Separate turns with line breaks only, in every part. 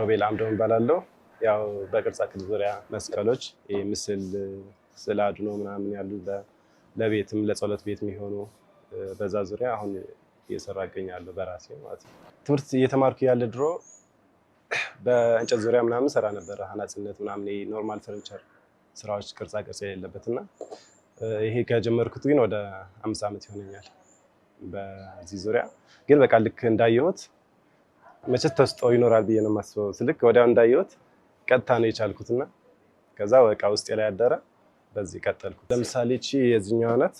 ሮቤል አምዶ እባላለሁ። ያው በቅርጻ ቅርጽ ዙሪያ መስቀሎች፣ ምስል፣ ስለ አድኖ ምናምን ያሉ ለቤትም ለጸሎት ቤት የሚሆኑ በዛ ዙሪያ አሁን እየሰራ ይገኛሉ በራሴ ማለት ነው። ትምህርት እየተማርኩ ያለ ድሮ በእንጨት ዙሪያ ምናምን ሰራ ነበረ። አናጽነት ምናምን ኖርማል ፈርኒቸር ስራዎች ቅርጻ ቅርጽ የሌለበት እና ይሄ ከጀመርኩት ግን ወደ አምስት ዓመት ይሆነኛል። በዚህ ዙሪያ ግን በቃ ልክ እንዳየሁት መቼስ ተስጦ ይኖራል ብዬ ነው የማስበው። ስልክ ወዲያው እንዳየሁት ቀጥታ ነው የቻልኩትና ከዛ በቃ ውስጤ ላይ ያደረ በዚህ ቀጠልኩት። ለምሳሌ እቺ የዚህኛዋ ናት።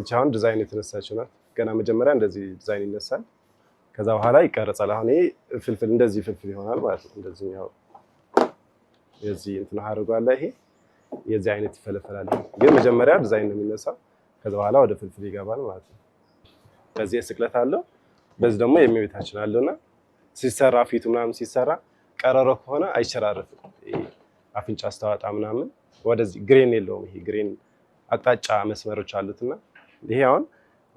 እቺ አሁን ዲዛይን የተነሳችው ናት። ገና መጀመሪያ እንደዚህ ዲዛይን ይነሳል፣ ከዛ በኋላ ይቀረጻል። አሁን ይሄ ፍልፍል እንደዚህ ፍልፍል ይሆናል ማለት ነው። እንደዚህኛው የዚህ እንትን አድርጓለ። ይሄ የዚህ አይነት ይፈለፈላል፣ ግን መጀመሪያ ዲዛይን ነው የሚነሳው፣ ከዛ በኋላ ወደ ፍልፍል ይገባል ማለት ነው። በዚህ ስቅለት አለው በዚህ ደግሞ የሚቤታችን አለውና ሲሰራ ፊቱ ምናምን ሲሰራ ቀረሮ ከሆነ አይሸራርፍም። አፍንጫ አስተዋጣ ምናምን ወደዚህ ግሬን የለውም። ይሄ ግሬን አቅጣጫ መስመሮች አሉትና ይሄ አሁን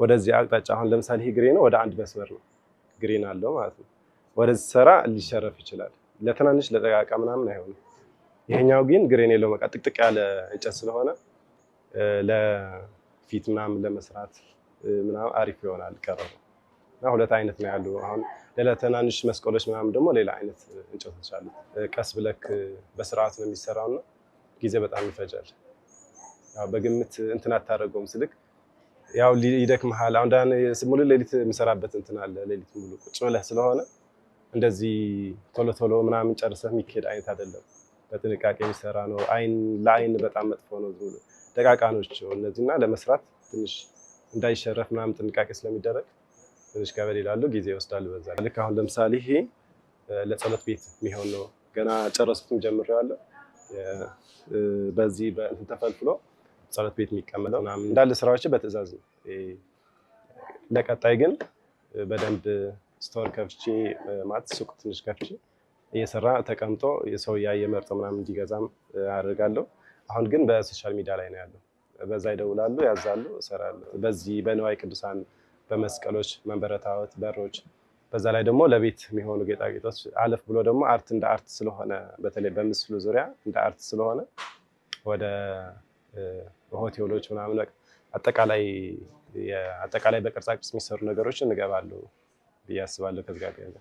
ወደዚህ አቅጣጫ አሁን ለምሳሌ ይሄ ግሬን ወደ አንድ መስመር ነው ግሬን አለው ማለት ነው። ወደዚህ ሰራ ሊሸረፍ ይችላል። ለትናንሽ ለጠቃቃ ምናምን አይሆንም። ይሄኛው ግን ግሬን የለውም። በቃ ጥቅጥቅ ያለ እንጨት ስለሆነ ለፊት ምናምን ለመስራት ምናምን አሪፍ ይሆናል ቀረበው እና ሁለት አይነት ነው ያሉ። አሁን ሌላ ትናንሽ መስቀሎች ምናምን ደግሞ ሌላ አይነት እንጨቶች አሉ። ቀስ ብለክ በስርዓት ነው የሚሰራው እና ጊዜ በጣም ይፈጃል። በግምት እንትን አታደርገውም ስልክ ያው ይደክመሃል። አሁን ዳን ሙሉ ሌሊት የምሰራበት እንትን አለ። ሌሊት ሙሉ ቁጭ ብለህ ስለሆነ እንደዚህ ቶሎ ቶሎ ምናምን ጨርሰህ የሚካሄድ አይነት አይደለም። በጥንቃቄ የሚሰራ ነው። አይን ለአይን በጣም መጥፎ ነው። ዝም ብሎ ደቃቃኖች እነዚህና ለመስራት ትንሽ እንዳይሸረፍ ምናምን ጥንቃቄ ስለሚደረግ ትንሽ ከበድ ይላሉ፣ ጊዜ ይወስዳል። በዛ ልክ አሁን ለምሳሌ ይሄ ለጸሎት ቤት የሚሆን ነው። ገና ጨረሱትም ያለ በዚህ ተፈልፍሎ ጸሎት ቤት የሚቀመጠው ምናምን እንዳለ ስራዎች በትዕዛዝ ነው። ለቀጣይ ግን በደንብ ስቶር ከፍቼ ማለት ሱቅ ትንሽ ከፍቼ እየሰራ ተቀምጦ የሰው እያየ መርጦ ምናምን እንዲገዛም አደርጋለሁ አሁን ግን በሶሻል ሚዲያ ላይ ነው ያለው። በዛ ይደውላሉ፣ ያዛሉ፣ እሰራለሁ። በዚህ በንዋይ ቅዱሳን በመስቀሎች፣ መንበረታወት፣ በሮች በዛ ላይ ደግሞ ለቤት የሚሆኑ ጌጣጌጦች አለፍ ብሎ ደግሞ አርት እንደ አርት ስለሆነ በተለይ በምስሉ ዙሪያ እንደ አርት ስለሆነ ወደ ሆቴሎች ምናምን አጠቃላይ አጠቃላይ በቅርጻቅርጽ የሚሰሩ ነገሮች እንገባሉ ብዬ አስባለሁ ከዚህ ጋር